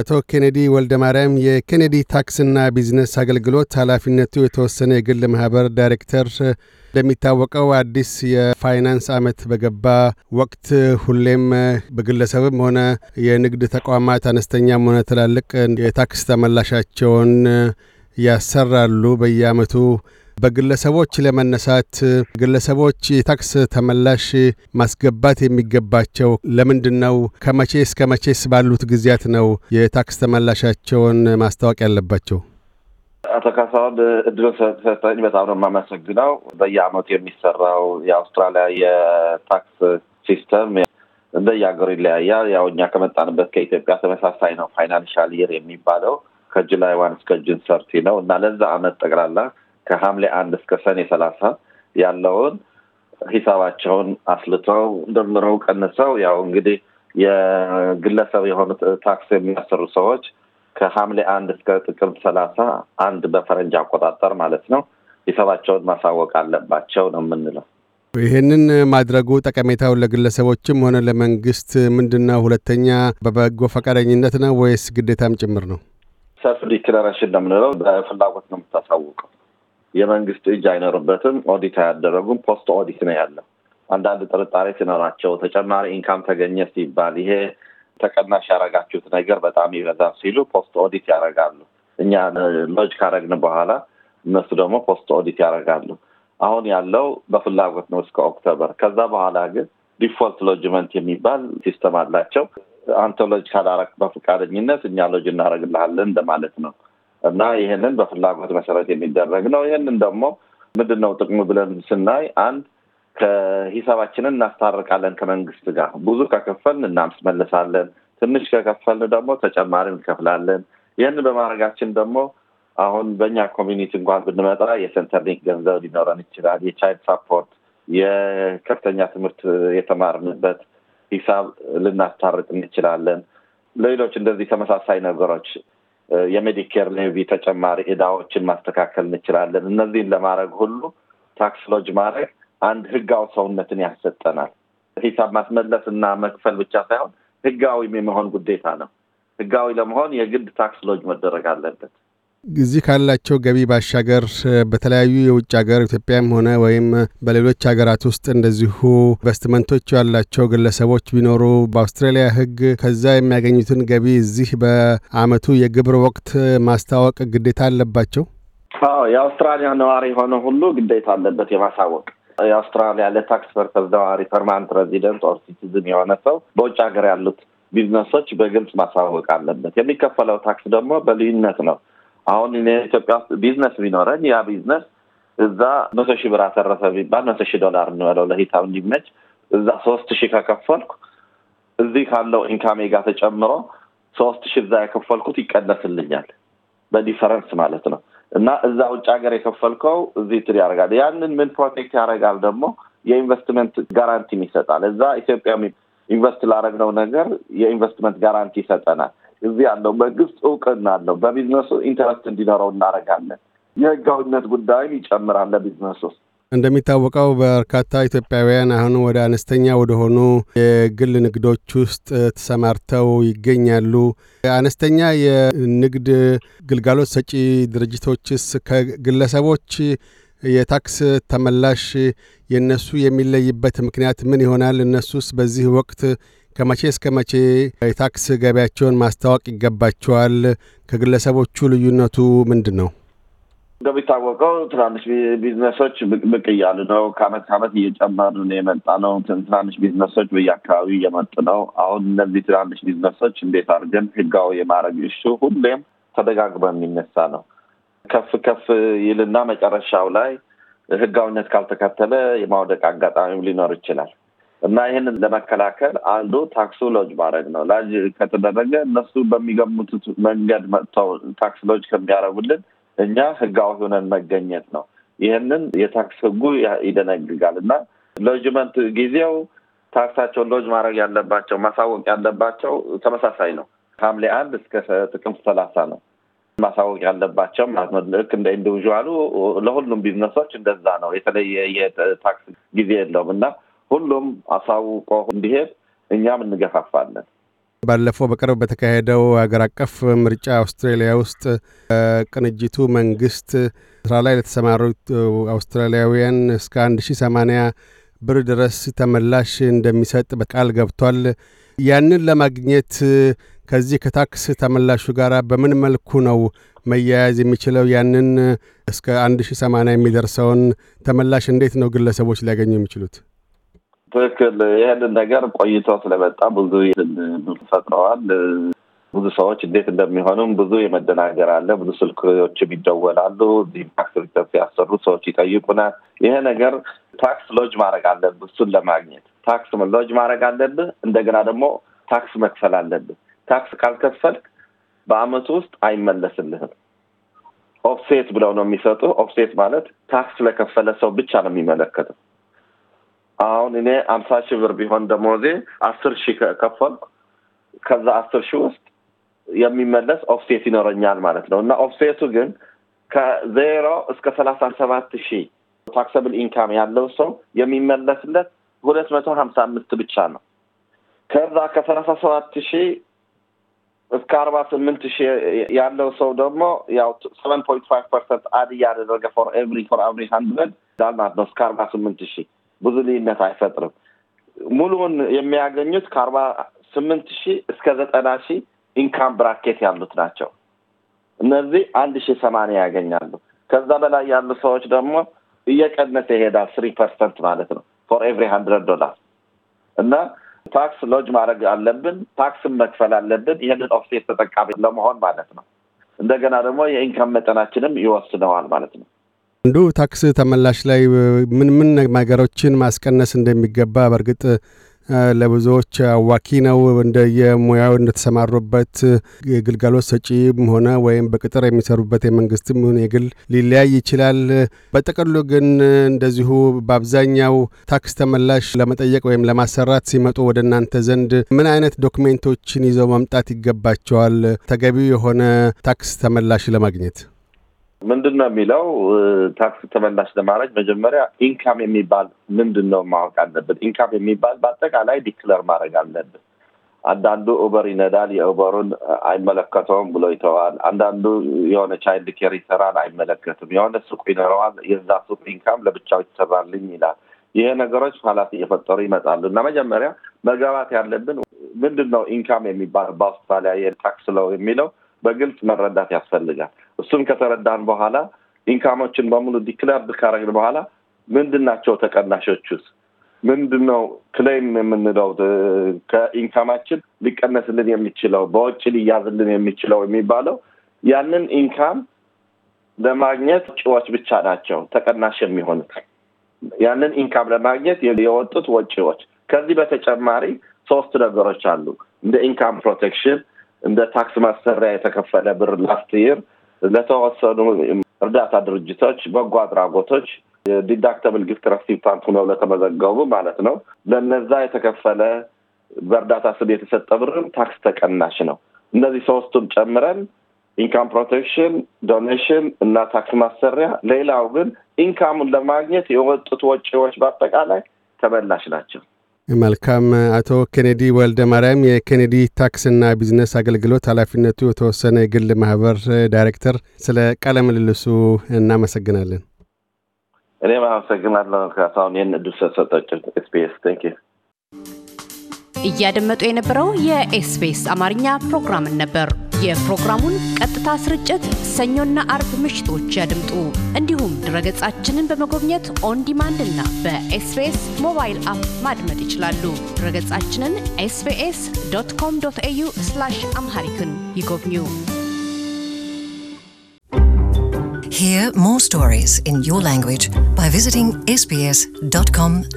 አቶ ኬኔዲ ወልደ ማርያም የኬኔዲ ታክስና ቢዝነስ አገልግሎት ኃላፊነቱ የተወሰነ የግል ማህበር ዳይሬክተር፣ እንደሚታወቀው አዲስ የፋይናንስ ዓመት በገባ ወቅት ሁሌም በግለሰብም ሆነ የንግድ ተቋማት አነስተኛም ሆነ ትላልቅ የታክስ ተመላሻቸውን ያሰራሉ በየዓመቱ በግለሰቦች ለመነሳት ግለሰቦች የታክስ ተመላሽ ማስገባት የሚገባቸው ለምንድን ነው? ከመቼ እስከ መቼስ ባሉት ጊዜያት ነው የታክስ ተመላሻቸውን ማስታወቅ ያለባቸው? አቶ ካሳሁን እድሉን ስለተሰጠኝ በጣም ነው የማመሰግነው። በየአመቱ የሚሰራው የአውስትራሊያ የታክስ ሲስተም እንደየሀገሩ ይለያያል። ያው እኛ ከመጣንበት ከኢትዮጵያ ተመሳሳይ ነው። ፋይናንሻል የር የሚባለው ከጁላይ ዋን እስከ ጁን ሰርቲ ነው እና ለዛ አመት ጠቅላላ ከሐምሌ አንድ እስከ ሰኔ ሰላሳ ያለውን ሂሳባቸውን አስልተው ደምረው ቀንሰው ያው እንግዲህ የግለሰብ የሆኑት ታክስ የሚያሰሩ ሰዎች ከሐምሌ አንድ እስከ ጥቅምት ሰላሳ አንድ በፈረንጅ አቆጣጠር ማለት ነው ሂሳባቸውን ማሳወቅ አለባቸው ነው የምንለው። ይህንን ማድረጉ ጠቀሜታው ለግለሰቦችም ሆነ ለመንግስት ምንድን ነው? ሁለተኛ በበጎ ፈቃደኝነት ነው ወይስ ግዴታም ጭምር ነው? ሰልፍ ዲክለሬሽን ነው የምንለው። በፍላጎት ነው የምታሳውቀው። የመንግስት እጅ አይኖርበትም። ኦዲት አያደረጉም። ፖስት ኦዲት ነው ያለው። አንዳንድ ጥርጣሬ ሲኖራቸው ተጨማሪ ኢንካም ተገኘ ሲባል ይሄ ተቀናሽ ያረጋችሁት ነገር በጣም ይበዛል ሲሉ ፖስት ኦዲት ያደርጋሉ። እኛ ሎጅ ካረግን በኋላ እነሱ ደግሞ ፖስት ኦዲት ያደርጋሉ። አሁን ያለው በፍላጎት ነው እስከ ኦክቶበር። ከዛ በኋላ ግን ዲፎልት ሎጅመንት የሚባል ሲስተም አላቸው። አንተ ሎጅ ካላረግ በፍቃደኝነት እኛ ሎጅ እናደርግልሃለን እንደማለት ነው። እና ይህንን በፍላጎት መሰረት የሚደረግ ነው። ይህንን ደግሞ ምንድን ነው ጥቅሙ ብለን ስናይ አንድ ከሂሳባችንን እናስታርቃለን ከመንግስት ጋር ብዙ ከከፈልን እናስመልሳለን፣ ትንሽ ከከፈልን ደግሞ ተጨማሪ እንከፍላለን። ይህንን በማድረጋችን ደግሞ አሁን በእኛ ኮሚኒቲ እንኳን ብንመጣ የሴንተርሊንክ ገንዘብ ሊኖረን ይችላል። የቻይልድ ሳፖርት፣ የከፍተኛ ትምህርት የተማርንበት ሂሳብ ልናስታርቅ እንችላለን። ለሌሎች እንደዚህ ተመሳሳይ ነገሮች የሜዲኬር ሌቪ ተጨማሪ እዳዎችን ማስተካከል እንችላለን። እነዚህን ለማድረግ ሁሉ ታክስ ሎጅ ማድረግ አንድ ህጋዊ ሰውነትን ያሰጠናል። ሂሳብ ማስመለስ እና መክፈል ብቻ ሳይሆን ህጋዊም የመሆን ግዴታ ነው። ህጋዊ ለመሆን የግድ ታክስ ሎጅ መደረግ አለበት። እዚህ ካላቸው ገቢ ባሻገር በተለያዩ የውጭ ሀገር ኢትዮጵያም ሆነ ወይም በሌሎች ሀገራት ውስጥ እንደዚሁ ኢንቨስትመንቶች ያላቸው ግለሰቦች ቢኖሩ በአውስትራሊያ ሕግ ከዛ የሚያገኙትን ገቢ እዚህ በአመቱ የግብር ወቅት ማስታወቅ ግዴታ አለባቸው። አዎ የአውስትራሊያ ነዋሪ የሆነ ሁሉ ግዴታ አለበት የማሳወቅ። የአውስትራሊያ ለታክስ ፐርፐዝ ነዋሪ ፐርማንት ሬዚደንት ኦር ሲቲዝን የሆነ ሰው በውጭ ሀገር ያሉት ቢዝነሶች በግልጽ ማሳወቅ አለበት። የሚከፈለው ታክስ ደግሞ በልዩነት ነው። አሁን እኔ ኢትዮጵያ ውስጥ ቢዝነስ ቢኖረኝ ያ ቢዝነስ እዛ መቶ ሺህ ብር አተረፈ ቢባል መቶ ሺህ ዶላር እንበለው ለሂሳብ እንዲመች እዛ ሶስት ሺህ ከከፈልኩ እዚህ ካለው ኢንካሜ ጋር ተጨምሮ ሶስት ሺህ እዛ የከፈልኩት ይቀነስልኛል በዲፈረንስ ማለት ነው። እና እዛ ውጭ ሀገር የከፈልከው እዚህ ትል ያደርጋል። ያንን ምን ፕሮቴክት ያደርጋል ደግሞ የኢንቨስትመንት ጋራንቲ ይሰጣል። እዛ ኢትዮጵያ ኢንቨስት ላደረግነው ነገር የኢንቨስትመንት ጋራንቲ ይሰጠናል። እዚህ ያለው መንግስት እውቅና አለው። በቢዝነሱ ኢንተረስት እንዲኖረው እናደርጋለን። የህጋዊነት ጉዳይን ይጨምራል ለቢዝነሱ። እንደሚታወቀው በርካታ ኢትዮጵያውያን አሁን ወደ አነስተኛ ወደሆኑ የግል ንግዶች ውስጥ ተሰማርተው ይገኛሉ። አነስተኛ የንግድ ግልጋሎት ሰጪ ድርጅቶችስ ከግለሰቦች የታክስ ተመላሽ የነሱ የሚለይበት ምክንያት ምን ይሆናል? እነሱስ በዚህ ወቅት ከመቼ እስከ መቼ የታክስ ገቢያቸውን ማስታወቅ ይገባቸዋል? ከግለሰቦቹ ልዩነቱ ምንድን ነው? እንደሚታወቀው ትናንሽ ቢዝነሶች ብቅ እያሉ ነው። ከአመት ከአመት እየጨመሩ ነው የመጣ ነው። ትናንሽ ቢዝነሶች በየአካባቢው እየመጡ ነው። አሁን እነዚህ ትናንሽ ቢዝነሶች እንዴት አድርገን ህጋዊ የማድረግ እሱ ሁሌም ተደጋግሞ የሚነሳ ነው። ከፍ ከፍ ይልና መጨረሻው ላይ ህጋዊነት ካልተከተለ የማውደቅ አጋጣሚም ሊኖር ይችላል። እና ይህንን ለመከላከል አንዱ ታክሱ ሎጅ ማድረግ ነው። ላጅ ከተደረገ እነሱ በሚገሙት መንገድ መጥተው ታክስ ሎጅ ከሚያደርጉልን እኛ ህጋዊ ሆነን መገኘት ነው። ይህንን የታክስ ህጉ ይደነግጋል እና ሎጅመንት ጊዜው ታክሳቸውን ሎጅ ማድረግ ያለባቸው ማሳወቅ ያለባቸው ተመሳሳይ ነው። ሐምሌ አንድ እስከ ጥቅምት ሰላሳ ነው ማሳወቅ ያለባቸው ማለት ልክ እንደ ኢንዲቪዥዋሉ ለሁሉም ቢዝነሶች እንደዛ ነው። የተለየ የታክስ ጊዜ የለውም እና ሁሉም አሳውቆ እንዲሄድ እኛም እንገፋፋለን። ባለፈው በቅርብ በተካሄደው ሀገር አቀፍ ምርጫ አውስትራሊያ ውስጥ ቅንጅቱ መንግስት ስራ ላይ ለተሰማሩት አውስትራሊያውያን እስከ አንድ ሺ ሰማንያ ብር ድረስ ተመላሽ እንደሚሰጥ በቃል ገብቷል። ያንን ለማግኘት ከዚህ ከታክስ ተመላሹ ጋር በምን መልኩ ነው መያያዝ የሚችለው? ያንን እስከ አንድ ሺ ሰማንያ የሚደርሰውን ተመላሽ እንዴት ነው ግለሰቦች ሊያገኙ የሚችሉት? ትክክል። ይህንን ነገር ቆይቶ ስለመጣ ብዙ ፈጥረዋል። ብዙ ሰዎች እንዴት እንደሚሆኑም ብዙ የመደናገር አለ። ብዙ ስልኮችም ይደወላሉ። እዚህም ታክስ ሲያሰሩ ሰዎች ይጠይቁናል። ይሄ ነገር ታክስ ሎጅ ማድረግ አለብህ፣ እሱን ለማግኘት ታክስ ሎጅ ማድረግ አለብህ። እንደገና ደግሞ ታክስ መክፈል አለብህ። ታክስ ካልከፈልክ በአመቱ ውስጥ አይመለስልህም። ኦፍሴት ብለው ነው የሚሰጡ። ኦፍሴት ማለት ታክስ ለከፈለ ሰው ብቻ ነው የሚመለከተው። አሁን እኔ አምሳ ሺህ ብር ቢሆን ደሞዜ አስር ሺህ ከፈልኩ ከዛ አስር ሺህ ውስጥ የሚመለስ ኦፍሴት ይኖረኛል ማለት ነው እና ኦፍሴቱ ግን ከዜሮ እስከ ሰላሳ ሰባት ሺህ ታክሰብል ኢንካም ያለው ሰው የሚመለስለት ሁለት መቶ ሀምሳ አምስት ብቻ ነው። ከዛ ከሰላሳ ሰባት ሺህ እስከ አርባ ስምንት ሺህ ያለው ሰው ደግሞ ያው ሰቨን ፖይንት ፋይቭ ፐርሰንት አድ እያደረገ ፎር ኤቭሪ ፎር አቭሪ ሀንድረድ ዳል ማለት ነው እስከ አርባ ስምንት ሺህ ብዙ ልዩነት አይፈጥርም። ሙሉውን የሚያገኙት ከአርባ ስምንት ሺህ እስከ ዘጠና ሺህ ኢንካም ብራኬት ያሉት ናቸው። እነዚህ አንድ ሺህ ሰማንያ ያገኛሉ። ከዛ በላይ ያሉ ሰዎች ደግሞ እየቀነሰ ይሄዳል። ስሪ ፐርሰንት ማለት ነው ፎር ኤቭሪ ሀንድረድ ዶላር እና ታክስ ሎጅ ማድረግ አለብን። ታክስን መክፈል አለብን። ይህንን ኦፍሴት ተጠቃሚ ለመሆን ማለት ነው። እንደገና ደግሞ የኢንካም መጠናችንም ይወስነዋል ማለት ነው። አንዱ ታክስ ተመላሽ ላይ ምን ምን ነገሮችን ማስቀነስ እንደሚገባ በእርግጥ ለብዙዎች አዋኪ ነው። የሙያው እንደተሰማሩበት ግልጋሎት ሰጪም ሆነ ወይም በቅጥር የሚሰሩበት የመንግስትም ይሁን የግል ሊለያይ ይችላል። በጥቅሉ ግን እንደዚሁ በአብዛኛው ታክስ ተመላሽ ለመጠየቅ ወይም ለማሰራት ሲመጡ ወደ እናንተ ዘንድ ምን አይነት ዶክሜንቶችን ይዘው መምጣት ይገባቸዋል ተገቢው የሆነ ታክስ ተመላሽ ለማግኘት? ምንድን ነው የሚለው ታክስ ተመላሽ ለማድረግ መጀመሪያ ኢንካም የሚባል ምንድን ነው ማወቅ አለብን። ኢንካም የሚባል በአጠቃላይ ዲክለር ማድረግ አለብን። አንዳንዱ ኡበር ይነዳል፣ የኡበሩን አይመለከተውም ብሎ ይተዋል። አንዳንዱ የሆነ ቻይልድ ኬር ይሰራል፣ አይመለከትም። የሆነ ሱቅ ይኖረዋል፣ የዛ ሱቅ ኢንካም ለብቻው ይሰራልኝ ይላል። ይሄ ነገሮች ኃላፊ እየፈጠሩ ይመጣሉ እና መጀመሪያ መግባባት ያለብን ምንድን ነው ኢንካም የሚባል በአውስትራሊያ የታክስ ለው የሚለው በግልጽ መረዳት ያስፈልጋል። እሱን ከተረዳን በኋላ ኢንካሞችን በሙሉ ዲክለር ካረግን በኋላ ምንድን ናቸው ተቀናሾቹስ? ምንድን ነው ክሌም የምንለው ከኢንካማችን ሊቀነስልን የሚችለው በውጭ ሊያዝልን የሚችለው የሚባለው ያንን ኢንካም ለማግኘት ወጪዎች ብቻ ናቸው ተቀናሽ የሚሆኑት። ያንን ኢንካም ለማግኘት የወጡት ወጪዎች። ከዚህ በተጨማሪ ሶስት ነገሮች አሉ እንደ ኢንካም ፕሮቴክሽን እንደ ታክስ ማሰሪያ የተከፈለ ብር ላስት ይር ለተወሰኑ እርዳታ ድርጅቶች፣ በጎ አድራጎቶች ዲዳክተብል ጊፍት ረሲፕታንት ሆነው ለተመዘገቡ ማለት ነው። ለነዛ የተከፈለ በእርዳታ ስም የተሰጠ ብርም ታክስ ተቀናሽ ነው። እነዚህ ሶስቱም ጨምረን ኢንካም ፕሮቴክሽን፣ ዶኔሽን እና ታክስ ማሰሪያ። ሌላው ግን ኢንካሙን ለማግኘት የወጡት ወጪዎች በአጠቃላይ ተመላሽ ናቸው። መልካም። አቶ ኬኔዲ ወልደ ማርያም የኬኔዲ ታክስና ቢዝነስ አገልግሎት ኃላፊነቱ የተወሰነ የግል ማህበር ዳይሬክተር፣ ስለ ቃለ ምልልሱ እናመሰግናለን። እኔም አመሰግናለሁ ካሳሁን ይህን እድል ስለሰጣችሁ ኤስፔስ ቴንክ እያደመጡ የነበረው የኤስፔስ አማርኛ ፕሮግራምን ነበር። የፕሮግራሙን ቀጥታ ስርጭት ሰኞና አርብ ምሽቶች ያድምጡ። እንዲሁም ድረገጻችንን በመጎብኘት ኦን ዲማንድ እና በኤስቤስ ሞባይል አፕ ማድመጥ ይችላሉ። ድረገጻችንን ኤስቤስ ዶት ኮም ዶት ኤዩ አምሃሪክን ይጎብኙ። Hear more stories in your language by visiting sbs.com.au.